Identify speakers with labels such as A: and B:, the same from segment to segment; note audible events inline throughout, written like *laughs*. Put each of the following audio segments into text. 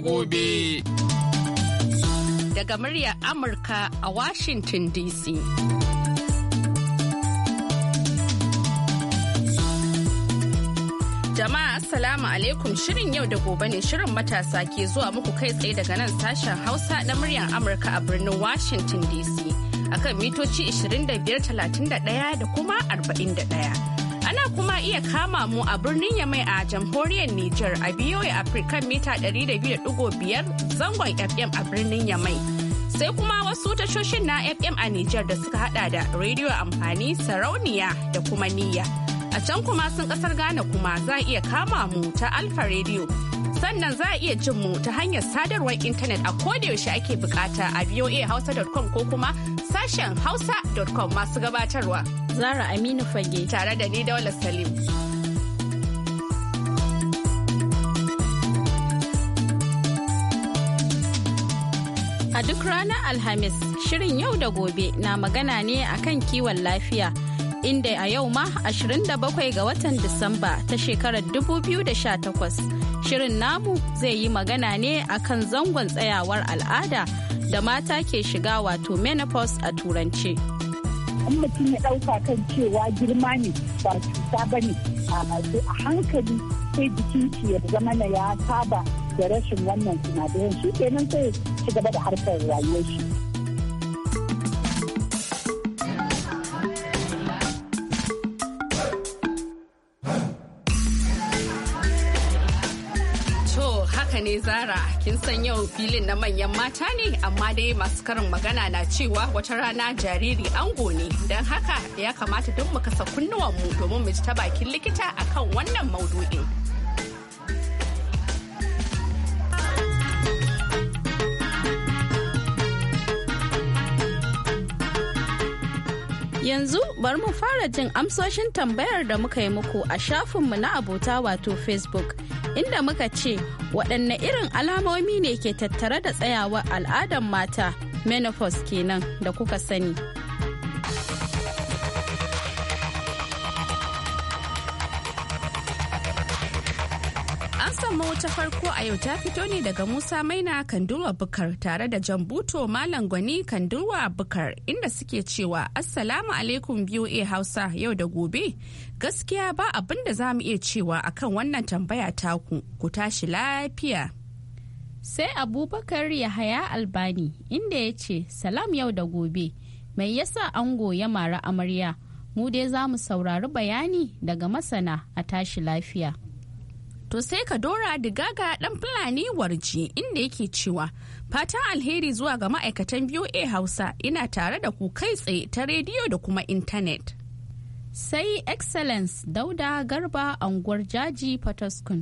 A: gobe. Daga muryar Amurka a Washington DC. Jama'a Assalamu alaikum shirin yau da gobe ne shirin matasa ke zuwa muku kai tsaye daga nan sashen Hausa na muryar Amurka a birnin Washington DC akan mitoci 25, 31 da kuma 41. kuma iya kama mu a birnin Yamai a jamhuriyar Nijar a BOA African mita 200.5 zangon FM a birnin Yamai. Sai kuma wasu tashoshin na FM a Nijar da suka hada da rediyo amfani sarauniya da kuma niyya. A can kuma sun kasar Ghana kuma za a iya kama mu ta Alfa rediyo Sannan za a iya jin mu ta hanyar sadarwar intanet a yaushe ake bukata a voahausa.com ko kuma sashen hausa.com masu gabatarwa. Zara Aminu Fage. Tare da ni Daula Salim. A duk ranar Alhamis, shirin yau da gobe na magana ne akan kiwon lafiya. Inda a yau ma 27 ga watan Disamba ta shekarar 2018, shirin namu zai yi magana ne akan zangon tsayawar al'ada da mata ke shiga wato menopause a turance.
B: in mutum ya ɗauka kan cewa girma ne ba cuta ba ne a hankali sai jikin shi ya zama na ya saba da rashin wannan sinadaran shi kenan sai ci gaba da harkar rayuwar shi
A: haka ne zara kin san yau filin na manyan mata ne amma dai masu karin magana na cewa wata rana jariri ango ne don haka ya kamata duk mu kasa kunnuwanmu domin mu ji ta bakin likita akan wannan maudu'in. Yanzu bari mu fara jin amsoshin tambayar da muka yi muku a shafinmu na abota wato Facebook. inda muka ce waɗanne irin alamomi ne ke tattare da tsayawar al'adar mata menopause kenan da kuka sani. ta farko a yau ta fito ne daga Musa Maina Kandurwa Bukar tare da jan buto Malam Gwani kandurwa Bukar inda suke cewa Assalamu alaikum a Hausa yau da gobe. Gaskiya ba abin da za mu iya cewa akan wannan tambaya taku ku tashi lafiya. Sai Abubakar Yahaya Albani inda ya ce salam yau da gobe mai yasa ango ya mara amarya mu dai zamu saurari bayani daga masana a tashi lafiya. to sai ka dora digaga dan fulani warji inda yake cewa fatan alheri zuwa ga ma'aikatan voa hausa ina tare da ku kai tsaye ta rediyo da kuma intanet sai excellence dauda garba anguwar jaji fataskun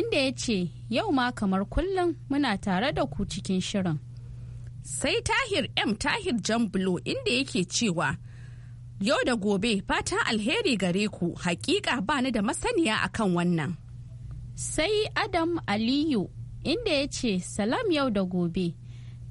A: inda ya ce yau ma kamar kullum muna tare da ku cikin shirin sai tahir m tahir jambulo inda yake cewa yau da gobe fatan alheri gare ku hakika bani da masaniya akan wannan sai adam aliyu inda ya ce salam yau da gobe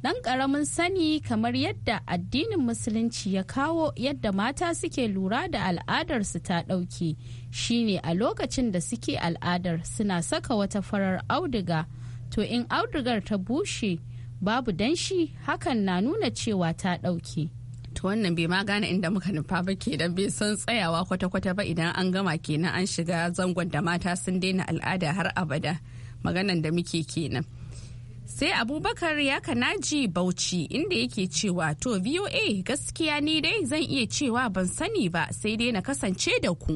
A: ɗan ƙaramin sani kamar yadda addinin musulunci ya kawo yadda mata suke lura da al'adarsu ta ɗauke shine a lokacin da suke al'adar suna saka wata farar auduga to in audugar ta bushe babu danshi hakan na nuna cewa ta ɗauke to wannan bai ma gane inda muka nufa ba ke da bai san tsayawa kwata-kwata ba idan an gama kenan an shiga zangon da mata sun daina al'ada har abada maganan da muke kenan sai abubakar ya kanaji bauchi inda yake cewa to voa gaskiya ni dai zan iya cewa ban sani ba sai dai na kasance da ku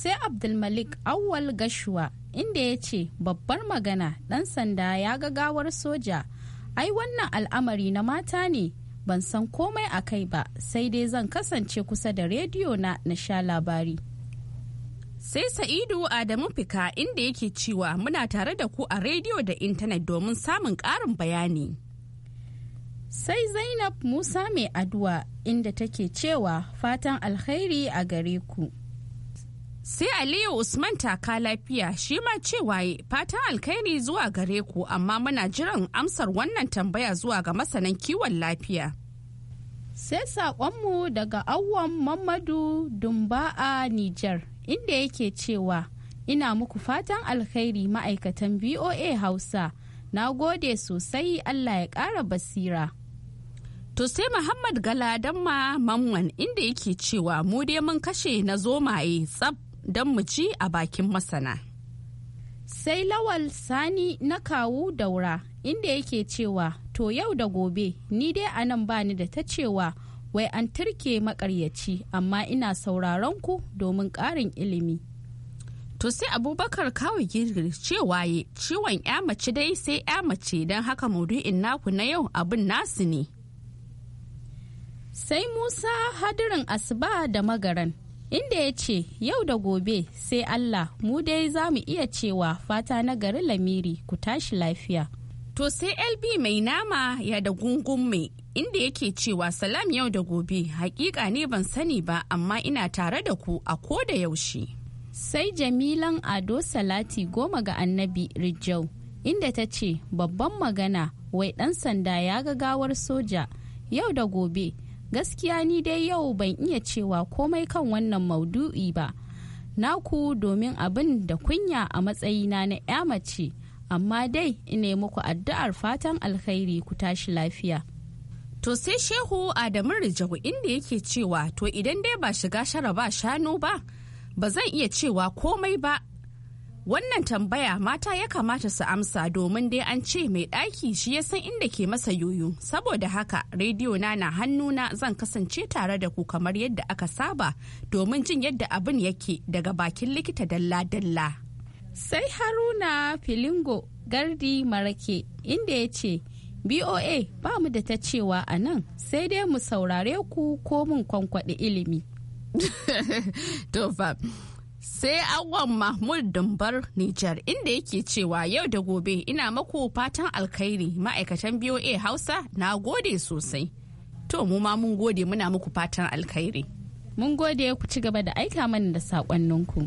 A: sai abdulmalik awwal gashuwa inda ya ce babbar magana dan sanda ya ga gawar soja ai wannan al'amari na mata ne ban san komai a kai ba sai dai zan kasance kusa da rediyo na na sha labari sai sa'idu adamu fika inda yake cewa muna tare da ku a rediyo da intanet domin samun ƙarin bayani sai zainab musa mai aduwa inda take cewa fatan alkhairi a gare ku sai aliyu usman taka lafiya shi ma cewa fatan alkhairi zuwa gare ku amma muna jiran amsar wannan tambaya zuwa ga masanan kiwon lafiya sai saƙonmu daga awon mamadu dumba a nijar inda yake cewa ina muku fatan alkhairi ma'aikatan voa hausa na gode sosai allah ya ƙara basira To sai Muhammad Galadanma Mamman inda yake cewa mu dai mun kashe na zomaye tsab don mu ci a bakin masana. Sai Lawal Sani na kawu daura inda yake cewa to yau da gobe ni dai a nan bani da ta cewa wai an turke makaryaci amma ina sauraron ku domin ƙarin ilimi to sai abubakar kawai girgir cewa waye, ciwon ya mace dai sai ya mace don haka maudu'in naku na yau abin nasu ne sai musa hadirin asuba da magaran inda ya ce yau da gobe sai allah mu dai za mu iya cewa fata na gari lamiri ku tashi lafiya To sai LB mai nama ya da mai inda yake cewa salam yau da gobe hakika ne ban sani ba amma ina tare da ku a ko da yaushe. Sai Jamilan Ado Salati goma ga annabi Rijau inda ta ce babban magana wai ɗan sanda ya ga gawar soja yau da gobe gaskiya ni dai yau ban iya cewa komai kan wannan maudu'i ba. Naku domin abin da kunya a matsayina na 'ya mace. amma dai ina muku addu'ar fatan alkhairi ku tashi lafiya. To sai Shehu Adamu Rijau inda yake cewa to idan dai ba shiga shara ba shanu ba, ba zan iya cewa komai ba. Wannan tambaya mata ya kamata su amsa domin dai an ce mai ɗaki shi ya san inda ke masa yoyo. Saboda haka rediyo na na hannuna zan kasance tare da ku kamar yadda aka saba domin jin yadda abin yake daga bakin likita dalla-dalla. sai haruna filingo gardi marake inda ya ce boa ba mu da ta cewa a nan sai dai mu saurare ku ko mun kwankwaɗi ilimi *laughs* sai awon mahmud dumbar nijar inda yake cewa yau da gobe ina mako fatan alkhairi ma'aikatan boa hausa na gode sosai to mu ma mun gode muna muku fatan alkhairi mun gode ku ci gaba da aika mana da saƙonninku.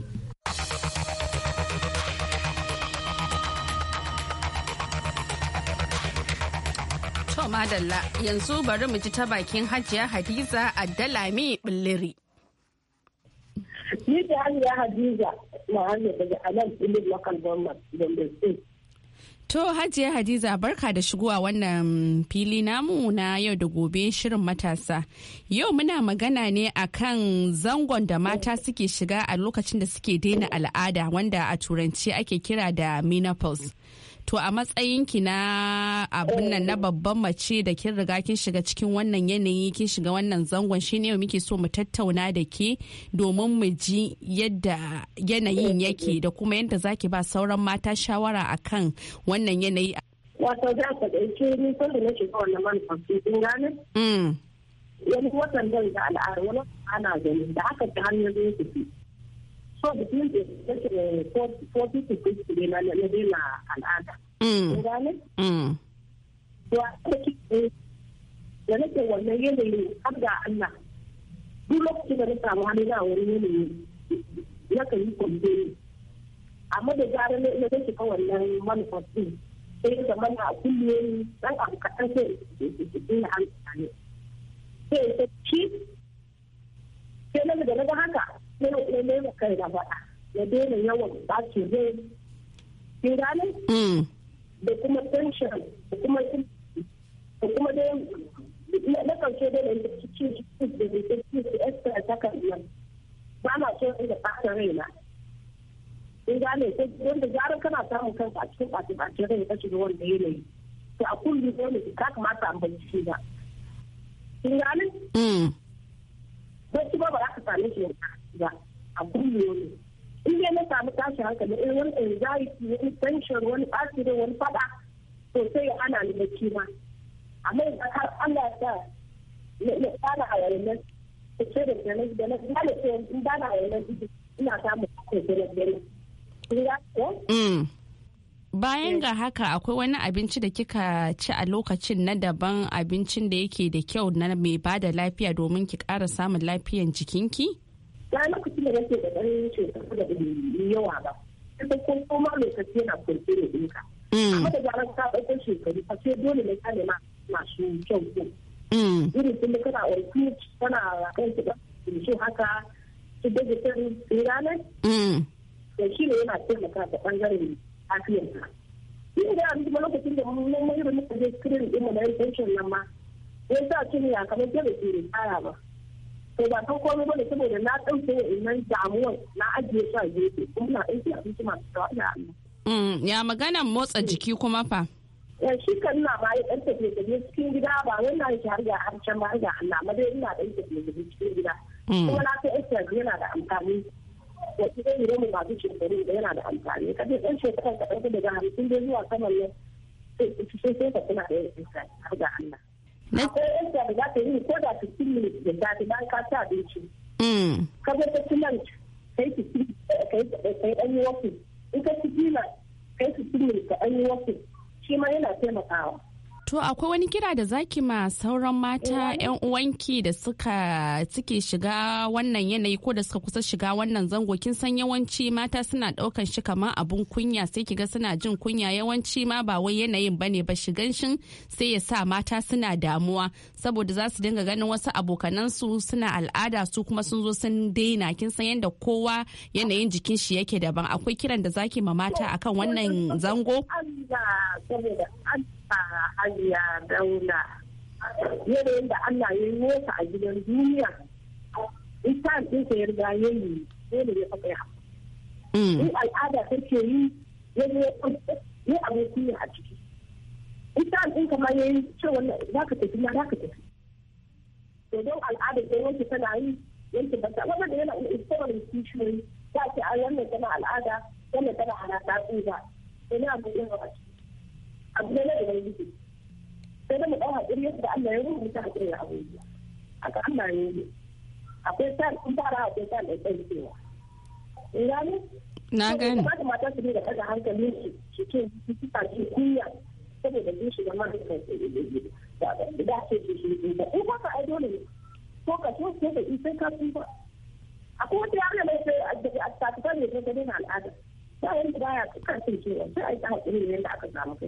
A: madalla yanzu bari mu ji ta bakin hajiya hadiza a dalami billiri.
B: Ni da hajiya hadiza daga
A: To Hajiya Hadiza barka da shigo a wannan fili namu na yau da gobe shirin matasa. Yau muna magana ne akan zangon da mata suke shiga a lokacin da suke daina al'ada wanda a turanci ake kira da menopause. to a matsayinki na abin nan na babban mace da kin riga kin shiga cikin wannan yanayi kin shiga wannan zangon shine yau muke so mu tattauna da ke domin mu ji yadda yanayin yake da kuma yadda zaki ba sauran mata shawara
B: akan wannan yanayi wato da ka ɗauke ni kun da na shiga wannan manufan sun gane mm. wani watan zan ga al'ada wani ana gani da aka ta hannun zai su so mutum da kashe 40 to 50 ne na daina al'ada. Gane? To a kake da nake wannan yanayi har da Allah duk lokacin da na samu hannu na wani yanayi na kan yi kwamfani. Amma da gara na zai shiga wannan manufar din sai da mana a kullum dan abu kaɗan sai ina amfani. Sai ta ci sai na da na haka sai ya nema kai na faɗa ya daina yawan gane mm. da kuma tension da kuma da kuma na da extra ba na so in da gane wanda kana samun kanka a cikin ɓaci ɓaci rai ka shiga wanda yanayi to a kullum dole ka kamata an ba kin gane ba mm. ba ba za ka same shi yanzu ba abin da yau in dai na samu tashin hankali in eh, wani anxiety wani tension wani accident wani fada to sai ya ana ni bacci ma amma in har Allah ya sa ne na tsara a ko ce da na da na da sai in ba na wannan ina samu kira ko mm
A: Bayan ga haka akwai wani abinci da kika ci a lokacin na daban abincin da yake da kyau na mai bada lafiya domin ki kara samun lafiyan jikinki?
B: na lokacin da nake da ɗan shekaru da ɗin yawa ba ta ko koma mai kasi yana kwanci da ɗinka amma da zarar ka ɗaukar shekaru fa sai dole ne ka nema masu kyau ko irin kuma kana orkut kana ɗan su ba su haka su daga kan ranar da shi ne yana taimaka ta ɓangaren lafiyarka yin da yanzu lokacin da mun yi da muka je screen ɗin mu na yin pension nan ma yasa cin ya kamar jere ke ba sai ba kan komai bane saboda na ɗauke da innan damuwar na ajiye su a gefe kuma na a abinci masu kyau da
A: mm, ya maganan motsa jiki kuma fa.
B: ya shi kan ina ba ya ɗan tafiye tafiye cikin gida ba wani na yake har ga harshen ba har ga Allah amma dai ina ɗan tafiye tafiye cikin gida. Mm. kuma na san exercise yana da amfani da yi ne mu masu shekaru da yana da amfani ka dai ɗan shekaru ka ɗauki daga hamsin dai zuwa saman nan sai ka kuna da yin exercise har ga Allah. akwai yadda da za ta yi ko da fifteen minutes da safe bayan ka ci abinci. Mm. ka zo ta ci lunch kai fifteen kai ɗan yi wasu in ka ci kai fifteen minutes ka ɗan yi wasu shi ma yana taimakawa.
A: To akwai wani kira da zaki ma sauran mata 'yan uwanki da suka suke shiga wannan yanayi ko da suka kusa shiga wannan zango kin san yawanci mata suna daukan shi kamar abun kunya sai kiga suna jin kunya yawanci ma ba wai yanayin bane ba shigan shin sai ya sa mata suna damuwa saboda za su dinga ganin wasu abokanan su suna al'ada su kuma sun zo sun daina kin san yadda kowa yanayin jikin shi yake daban akwai kiran da zaki ma mata akan wannan zango
B: hanya daula yanayin da Allah ya yi a gidan duniya ita ɗin ka yarda ya yi dole ya faɗa ya mm. in al'ada take yi ya yi abokin ne a ciki ita ɗin ka ya yi cewa za ka tafi na za ka tafi don al'ada da yanki tana yi yanki bata ta da yana iskomarin kishiyoyi za ce a yanayin tana al'ada wannan tana hana ta tsuba. ina abokin ne a ciki abu ne na da wani gidi sai da mu ɗau haƙuri yadda Allah ya haƙuri a abubuwa haka Allah ya akwai akwai da cewa in gani na gani ba mata su ne da kaga hankali shi ke su kai da da ce shi da in ai ka so ko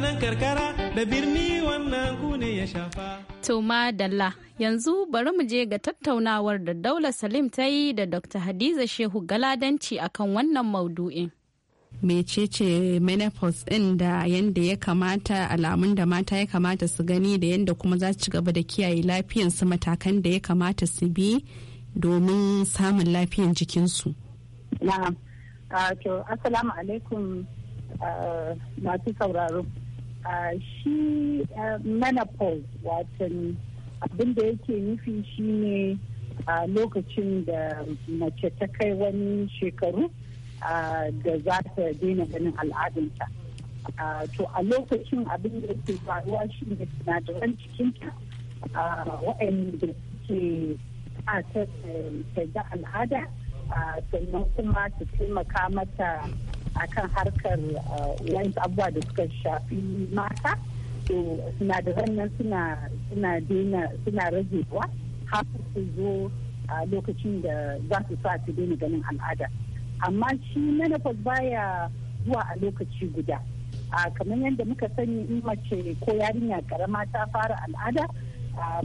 A: toma karkara birni wannan ku Dalla yanzu bari mu je ga tattaunawar da Daula Salim ta yi da Dr. Hadiza Shehu Galadanci akan wannan maudu'in. mecece menopause ɗin da yadda ya kamata alamun da mata ya kamata su gani da yadda kuma za su ci gaba da kiyaye lafiyansu matakan da ya kamata su bi domin samun lafiyan jikinsu.
B: Na'am, ah, to assalamu alaikum ah, masu sauraro. shi menopause watan abin da yake nufi shine a lokacin da mace ta kai wani shekaru da za ta daina ganin al'adunta to a lokacin abin da yake faruwa shi ne sinadaran cikinta waɗanda ke ta eh, ta ga al'ada sannan kuma ta taimaka mata a kan harkar uh, wani abubuwa da suka shafi mata to sinadaran nan suna suna daina suna ragewa har su zo a lokacin da za su sa su daina ganin al'ada amma shi menopause baya zuwa a lokaci guda a kamar yadda muka sani in mace ko yarinya karama ta fara al'ada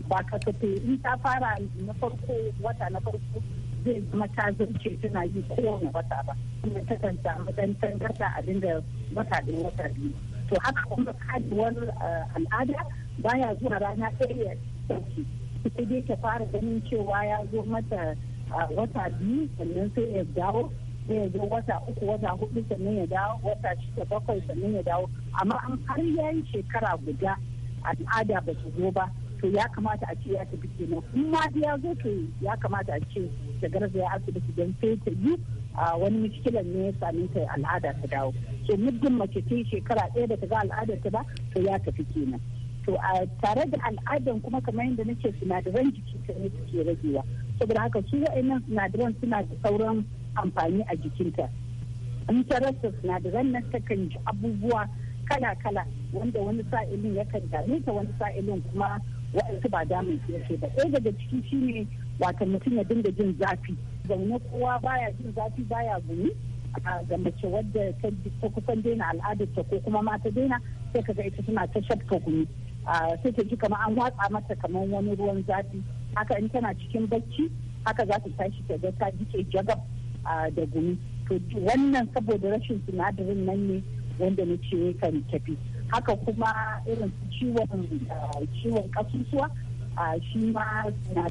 B: ba kasafai in ta fara na farko wata na farko zai zama ta zance tana yi kowane wata ba kuma ta kan samu dan tangarda abin da wata da wata biyu to haka kuma kajiwar eh, al'ada baya zuwa rana ɗaya ya sauki ita dai ta fara ganin cewa ya zo mata wata biyu sannan sai ya dawo sai ya zo wata uku wata hudu sannan ya dawo wata shida bakwai sannan ya dawo amma an har yayi shekara guda al'ada ba su zo ba to ya kamata a ce ya tafi kenan in ma ya zo to ya kamata a ce ta da asibiti don sai ta yi wani mushkilan ne ya sami ta al'ada ta dawo to muddin mace ta shekara ɗaya da ta ga al'adar ta ba to ya tafi kenan to a tare da al'adar kuma kamar yadda nake sinadaran jiki ta ne suke ragewa saboda haka su wa'annan sinadaran suna da sauran amfani a jikinta in ta rasa sinadaran nan kan ji abubuwa kala-kala wanda wani sa'ilin kan dame ta wani sa'ilin kuma wa'ansu ba damun su yake ba ɗaya daga ciki shine wata mutum ya dinga jin zafi zaune kowa baya jin zafi baya gumi ga mace wadda ta kusan daina al'adarta ko kuma mata daina sai kaga ita suna ta shafta gumi sai ta ji kama an watsa mata kamar wani ruwan zafi haka in tana cikin bacci haka za ta tashi ta ga ta jike jagab da gumi to wannan saboda rashin sinadarin nan ne wanda na ce kan tafi haka kuma irin ciwon ah, ciwon kasusuwa ah, shi ma da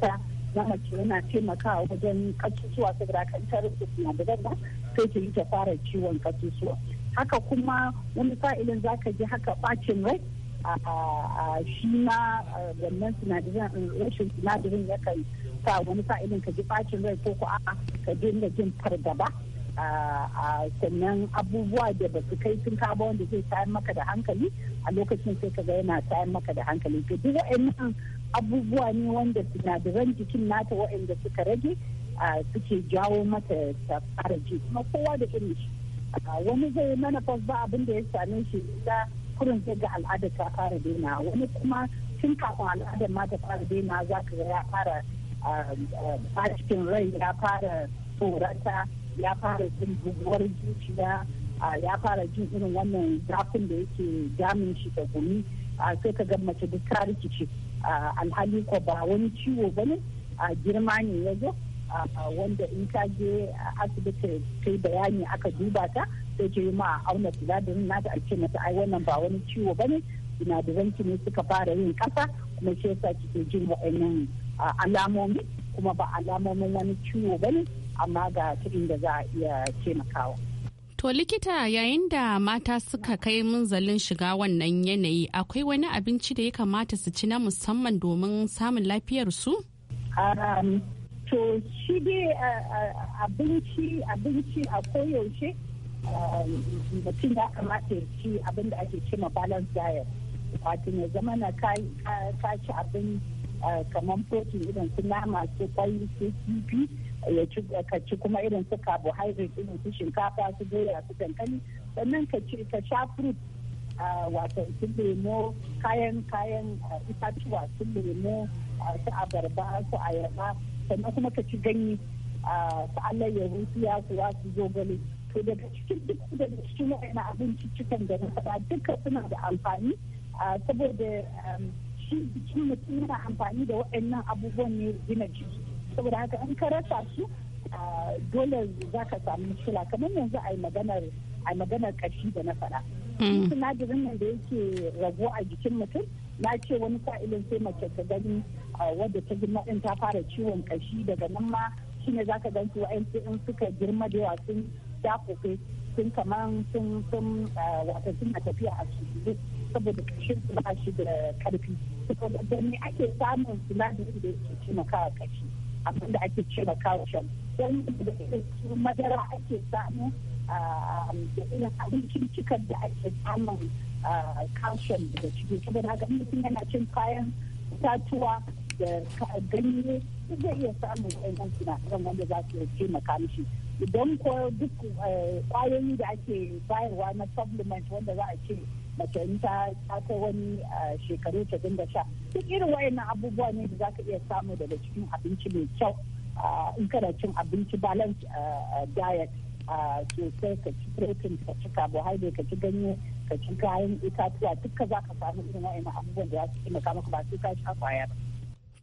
B: ta na mace yana taimakawa wajen kasusuwa da kan tarin su suna da ba sai ta yi ta fara ciwon kasusuwa haka kuma wani sa'ilin za ka ji haka bacin rai ah, shi ma wannan sinadarin rashin sinadarin yakan sa wani sa'ilin ka ji bacin rai ko ko a ka dinga jin fargaba a sannan abubuwa da ba su kai sun kaba wanda zai tayar maka da hankali a lokacin sai ka ga yana tayar maka da hankali to duk wa'annan abubuwa ne wanda da sinadaran jikin nata wa'anda suka rage suke jawo mata ta fara ji kuma kowa da irin shi wani zai mana ba abin da ya same shi illa kurin zai ga al'ada ta fara daina wani kuma tun kafin al'adar ma ta fara daina za ka ga ya fara a cikin rai ya fara tsorata ya fara jin buguwar zuciya ya fara jin irin wannan zafin da yake damun shi da gumi sai ka ga mace duk ta rikice alhali ko ba wani ciwo ba ne girma ne ya zo wanda in ka je asibiti kai bayani aka duba ta sai ke yi ma auna sinadarin nata a ce mata ai wannan ba wani ciwo ba ne sinadaran ne suka fara yin kasa kuma shi yasa kike jin wa'annan alamomi kuma ba alamomin wani ciwo ba ne amma ga cikin da za a iya taimakawa.
A: To likita yayin da mata suka kai munzalin shiga wannan yanayi akwai wani abinci da ya kamata su ci na musamman
B: domin samun lafiyarsu? Um, to shi dai abinci abinci a koyaushe mutum ya kamata ya ci abin da ake cima ma balance diet wato ya zama na ka ci abin kamar protein irin su nama su kwai su kifi ya ka ci kuma irin su carbohydrate irin su shinkafa su doya su dankali sannan ka ci ka sha fruit wato su lemo kayan kayan itatuwa su lemo su abarba su ayaba sannan kuma ka ci ganye su alayyahu su yasu su zogale to daga cikin duk da cikin wa'ina abinci cikin da na faɗa duka suna da amfani saboda shi jikin mutum yana amfani da waɗannan abubuwan ne gina jiki saboda haka in ka rasa su dole za ka samu matsala kamar yanzu a yi maganar a maganar kashi da na faɗa hmm. sinadarin nan da yake raguwa a jikin mutum na ce wani sa'ilin sai mace ta gani wadda ta girma ɗin ta fara ciwon ƙashi daga nan ma shi ne za ka gansu wa'yansu in suka girma da yawa sun dafofe sun kaman sun sun wata suna tafiya a su saboda kashin su ba shi da karfi saboda ne ake samun sinadari da yake taimakawa kashi abinda ake cewa calcium don da su madara ake samu da irin abincin cikin da ake samun calcium daga ciki saboda haka mutum yana cin kayan tatuwa da ganye zai iya samun wayannan sinadaran wanda za su taimaka mishi idan ko duk eh, kwayoyi da ake bayarwa na supplement wanda za a ce mace ta ta kai wani eh, shekaru ta dinga sha duk irin wayannan abubuwa ne da za ka iya samu daga cikin abinci mai kyau eh, in kana cin abinci balance eh, diet sosai ka ci protein ka ci carbohydrate ka ci ganye ka ci kayan itatuwa duka za ka samu irin wayannan abubuwan da za su taimaka maka ba sai ka sha kwaya ba.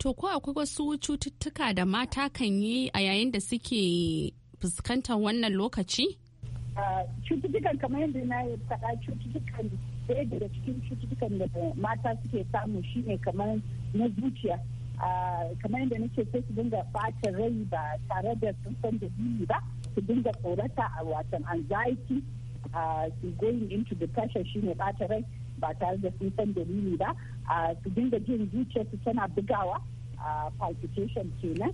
A: To ko akwai wasu cututtuka da mata kan yi a yayin da suke fuskantar wannan lokaci?
B: cututtukan kamar yadda na faɗa cututtukan ɗaya daga cikin cututtukan da mata suke samu shine kamar na zuciya kamar yadda nake sai su dinga ɓata rai ba tare da sun san dalili ba su dinga tsorata a watan anxiety su going into depression shine ɓata rai ba tare da sun san dalili ba su dinga jin zuciyarsu tana bugawa palpitation kenan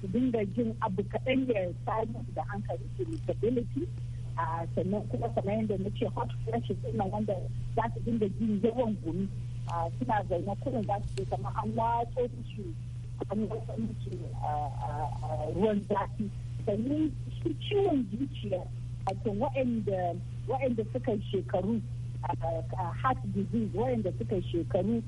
B: su dinga jin abu kaɗan ya samu da hankali irritability sannan kuma kamar yadda na ce hot flashes ɗin wanda za su dinga jin yawan gumi suna zaune kuma za su kamar an watsa su an watsa su ruwan zafi sannan shi ciwon zuciya kan waɗanda suka shekaru heart disease waɗanda suka shekaru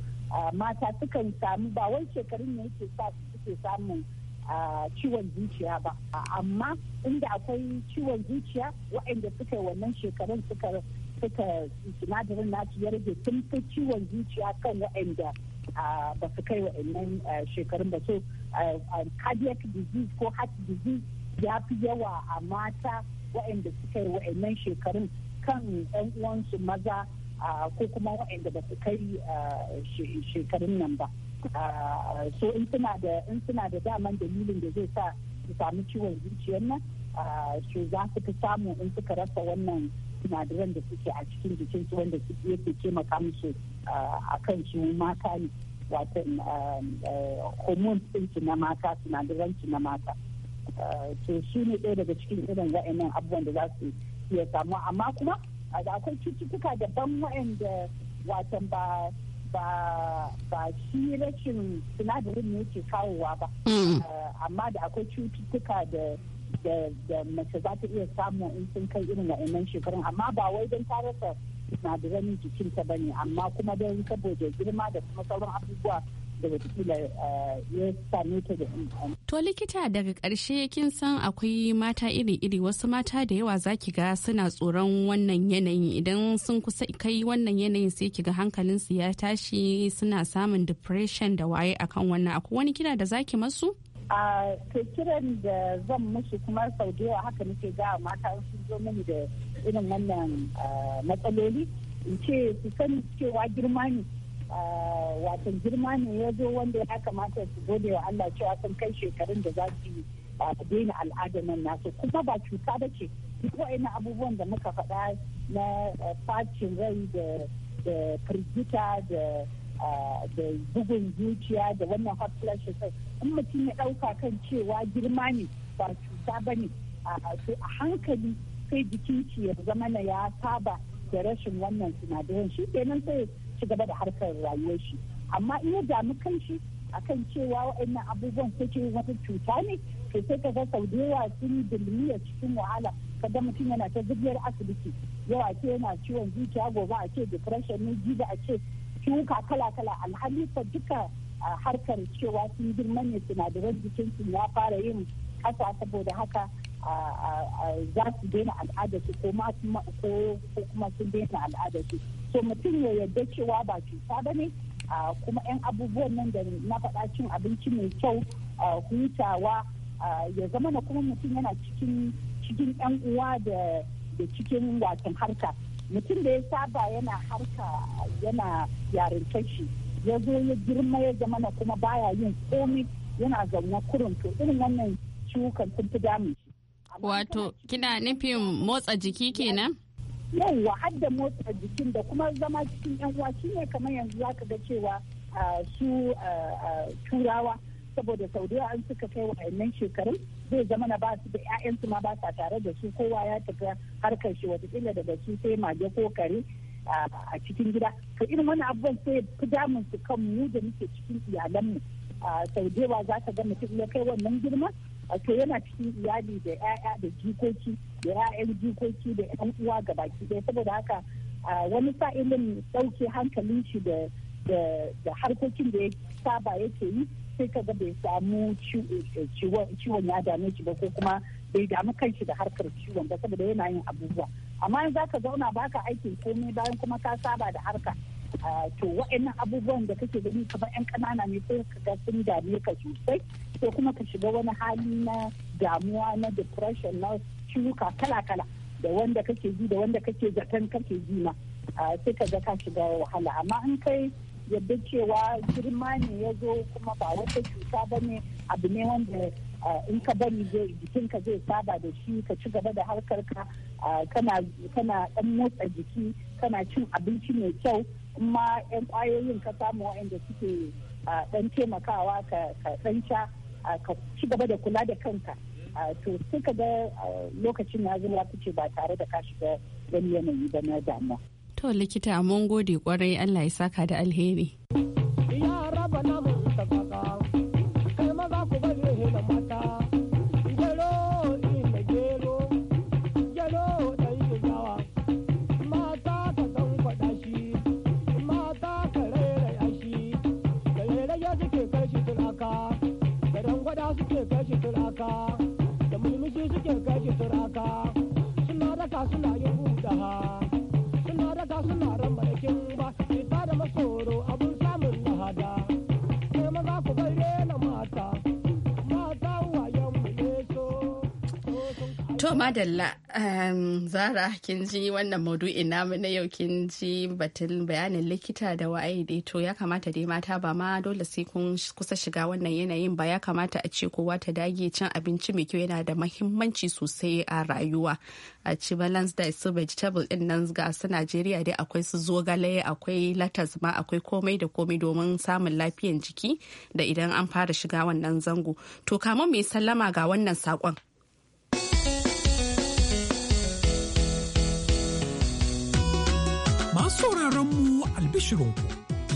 B: mata sukan samu ba wai shekarun ne yake sa suke samun A ciwon zuciya ba amma inda akwai ciwon zuciya waɗanda suka yi wannan shekarun suka suka sinadarin nasu ya rage sun fi ciwon zuciya kan waɗanda ba su kai waɗannan shekarun ba so cardiac disease ko heart disease ya fi yawa a mata waɗanda suka yi waɗannan shekarun kan ɗan uwansu maza ko kuma waɗanda ba su kai shekarun nan ba. so in suna da daman dalilin da zai sa su samu ciwon zuciyar nan su za su fi samu in suka rasa wannan sinadaran da suke a cikin jikin su wanda su yake taimaka musu a kan su mata ne wato um, um, eh, hormones su na mata sinadaran na mata to shi ne ɗaya daga cikin irin wa'annan abubuwan da za su iya samu amma kuma akwai cututtuka daban wa'anda watan ba ba ba shi rashin sinadarin ne yake kawowa ba mm. eh, amma da akwai cututtuka da mace za ta iya samu in sun kai irin wa'annan shekarun amma ba wai don ta rasa sinadaran jikinta ba ne amma kuma don saboda girma da kuma sauran abubuwa da watakila eh, ya same ta da
A: To likita daga karshe kin san akwai mata iri-iri wasu mata da yawa za ki ga suna tsoron wannan yanayi idan sun kusa kai wannan yanayin sai ki ga hankalinsu ya tashi suna samun depression da waye akan wannan akwai wani kira da za ki masu?
B: A kiran da zan mashi kuma sau da yawa haka nake ga mata sun zo mini da irin wannan matsaloli in ce su sani cewa girma ne Ah, watan girma ne ya zo wanda ya kamata su gode wa Allah cewa sun kai shekarun da za su ah, daina al'adar nan nasu kuma ba cuta ba ce duk wa'annan abubuwan da muka faɗa na facin ah, rai da da firgita da da bugun zuciya da wannan hot flashes in mutum ya ɗauka kan cewa girma ne ba cuta ba ne a hankali sai jikin shi ya zama na ya saba da rashin wannan sinadaran shi kenan sai ci gaba da harkar rayuwar shi amma in ya damu a kan cewa waɗannan abubuwan ko ce wata cuta ne to sai ka ga sau da yawa sun yi cikin wahala kada mutum yana ta zubiyar asibiti yawa ce yana ciwon zuciya gobe a ce depression ne jiba a ce ciwuka kala kala alhali fa duka harkar cewa sun girma ne sinadaran su ya fara yin ƙasa saboda haka za su daina al'adar su ko kuma sun daina al'ada su so mutum ya yarda cewa ba cuta ba ne kuma 'yan abubuwan nan da na faɗa cin abinci mai kyau hutawa ya zama na kuma mutum yana cikin cikin 'yan uwa da cikin wasan harka mutum da ya saba yana harka yana yaren tashi ya zo ya girma ya zama na kuma baya yin komi yana zaune kurin to irin wannan ciwukan sun fi damun shi
A: Wato, kina nufin motsa jiki kenan?
B: Yawwa hadda motsa jikin da kuma zama cikin yan uwa shine kamar yanzu zaka ga cewa su turawa saboda saudiya an suka kai wa'annan shekarun zai zama na basu su da 'ya'yansu ma ba sa tare da su kowa ya tafi harkar shi watakila daga su sai mage ko kare a cikin gida to irin wani abubuwan sai fi damun su kan mu da muke cikin iyalanmu sau za ta ga mutum ya kai wannan girma to yana cikin iyali da 'ya'ya da jikoki da 'ya'yan jikoki da 'yan uwa ga baki ɗaya saboda haka wani sa'ilin ɗauke hankalin shi da da harkokin da ya saba yake yi sai ka ga bai samu eh, ciwon ya dame shi ba ko kuma bai damu kan shi da harkar ciwon ba saboda yana yin abubuwa amma yanzu za ka zauna baka aikin komai bayan kuma ka saba da harka to wa'annan abubuwan da kake gani kamar yan ƙanana ne ko ka ga sun dame ka sosai ko kuma ka shiga wani hali na damuwa na depression na ciwuka kala-kala da wanda kake ji da wanda kake zaton kake ji ma sai ka ga ka shiga wahala amma an kai yadda cewa girma ne ya zo kuma ba wata cuta ba ne abu ne wanda in ka bari jikin ka zai saba da shi ka ci gaba da harkar ka kana dan motsa jiki kana cin abinci mai kyau ma 'yan kwayoyin ka samu waɗanda suke dan taimakawa ka dan sha ka ci gaba da kula da kanka to suka ga lokacin na zuwa fice ba tare da ka shiga wani yanayi ba na damuwa.
A: To likita mun gode kwarai Allah ya saka da alheri. madalla um, zara kin ji wannan maudu'in namu na yau kin ji batun bayanin likita da waye dai to ya kamata dai mata ba ma dole sai kun kusa shiga wannan yanayin ba ya kamata a ce kowa ta dage cin abinci mai kyau yana da mahimmanci sosai a rayuwa a ci balance da su vegetable din nan ga su Najeriya dai akwai su zogale akwai latas ma akwai komai da komai domin samun lafiyan jiki da idan an fara shiga wannan zango to kamar mai sallama ga wannan sakon
B: mu al albishirinku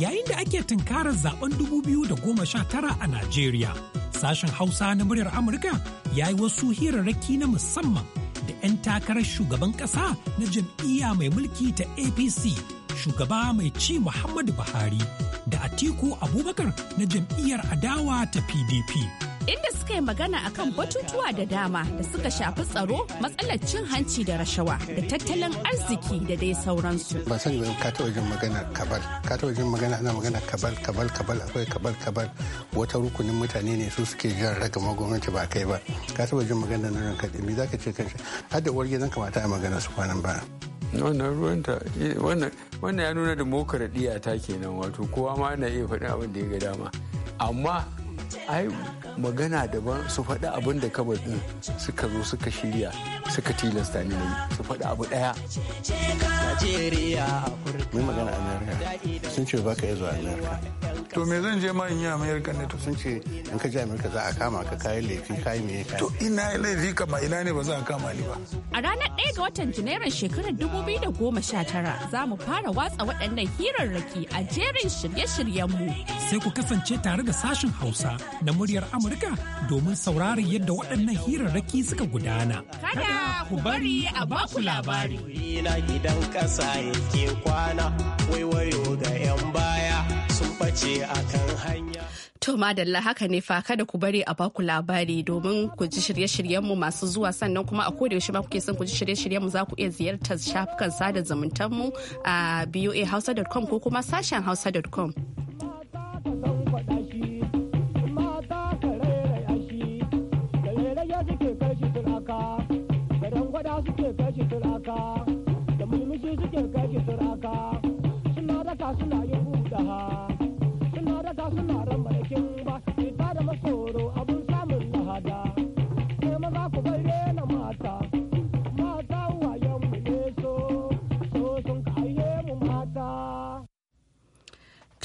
B: yayin da ake tunkarar zaben 2019 a Najeriya, sashen Hausa na muryar Amurka ya yi wasu hirarraki na musamman da 'yan takarar shugaban ƙasa na jam'iyya mai mulki ta APC, shugaba mai ci Muhammadu Buhari da Atiku Abubakar na jam'iyyar adawa ta PDP.
A: inda suka yi magana akan batutuwa da dama da suka shafi tsaro matsalar cin hanci da rashawa da tattalin arziki da dai sauransu. Ba san ga ka taɓa jin magana kabal, ka taɓa jin magana ana magana kabal kabal kabal akwai kabal kabal wata rukunin mutane ne su suke jan ragama gwamnati ba kai ba. Ka taɓa jin magana na ranka ɗimi za ka ce kanshi har da uwar gidan kamata a magana su kwanan ba. wannan ruwanta eh, wannan ya nuna da mokaraɗiya ta kenan wato kowa ma na iya faɗin abin da ya ga dama amma ai magana daban su faɗi abin da kabar ɗin suka zo
B: suka shirya suka tilasta ni na yi su faɗi abu ɗaya. Mai magana a Amerika sun ce ba ka iya zuwa Amerika. to me zan je ma in yi
A: Amerika ne to sun ce in ka je Amerika za a kama ka kayi laifi kayi me to ina laifi kama ina ne ba za a kama ni ba a ranar 1 ga watan janairun shekarar 2019 za mu fara watsa waɗannan hirarraki a jerin shirye-shiryenmu
B: sai ku kasance tare da sashen hausa na muryar amurka domin sauraron yadda waɗannan hirarraki suka gudana kada ku bari a baku labari na gidan ƙasa yake kwana wayo ga 'yan baya ce akan hanya.
A: To madalla haka ne fa kada ku bari a baku labari domin ku ji shirye-shiryenmu masu zuwa sannan kuma a koda yaushe ma kuke son ku ji shirye-shiryenmu za ku iya ziyartar shafukan sada zumuntanmu a boahausa.com ko kuma sashen hausa.com.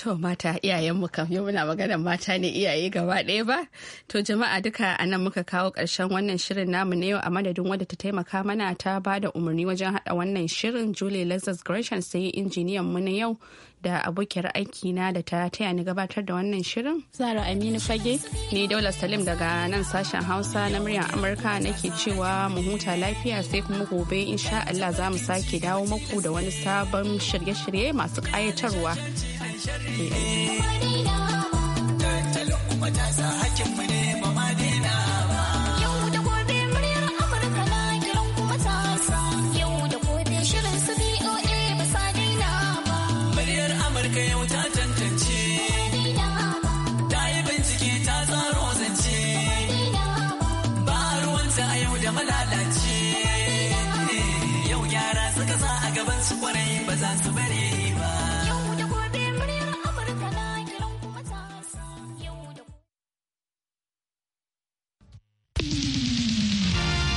A: To mata mu kam yau muna magana mata ne iyaye gaba ɗaya ba. To jama'a duka a nan muka kawo ƙarshen wannan shirin namu na yau a madadin wadda ta taimaka mana ta ba da umarni wajen haɗa wannan shirin Julie Lazarus Gresham sai injiniyan mu na yau da abokiyar na da ta taya ni gabatar da wannan shirin. Zara Aminu Fage. Ni Daula Salim daga nan sashen Hausa na muryar Amurka nake cewa mu huta lafiya sai kuma gobe insha Allah za mu sake dawo maku da wani sabon shirye-shirye masu ƙayatarwa.